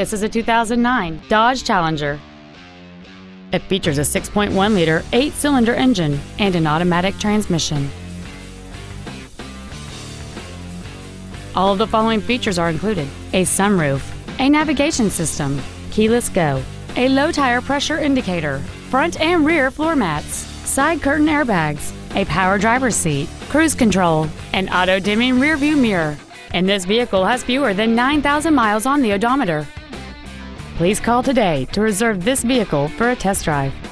This is a 2009 Dodge Challenger. It features a 6.1-liter, eight-cylinder engine and an automatic transmission. All of the following features are included. A sunroof, a navigation system, keyless go, a low tire pressure indicator, front and rear floor mats, side curtain airbags, a power driver's seat, cruise control, an auto dimming rearview mirror. And this vehicle has fewer than 9,000 miles on the odometer. Please call today to reserve this vehicle for a test drive.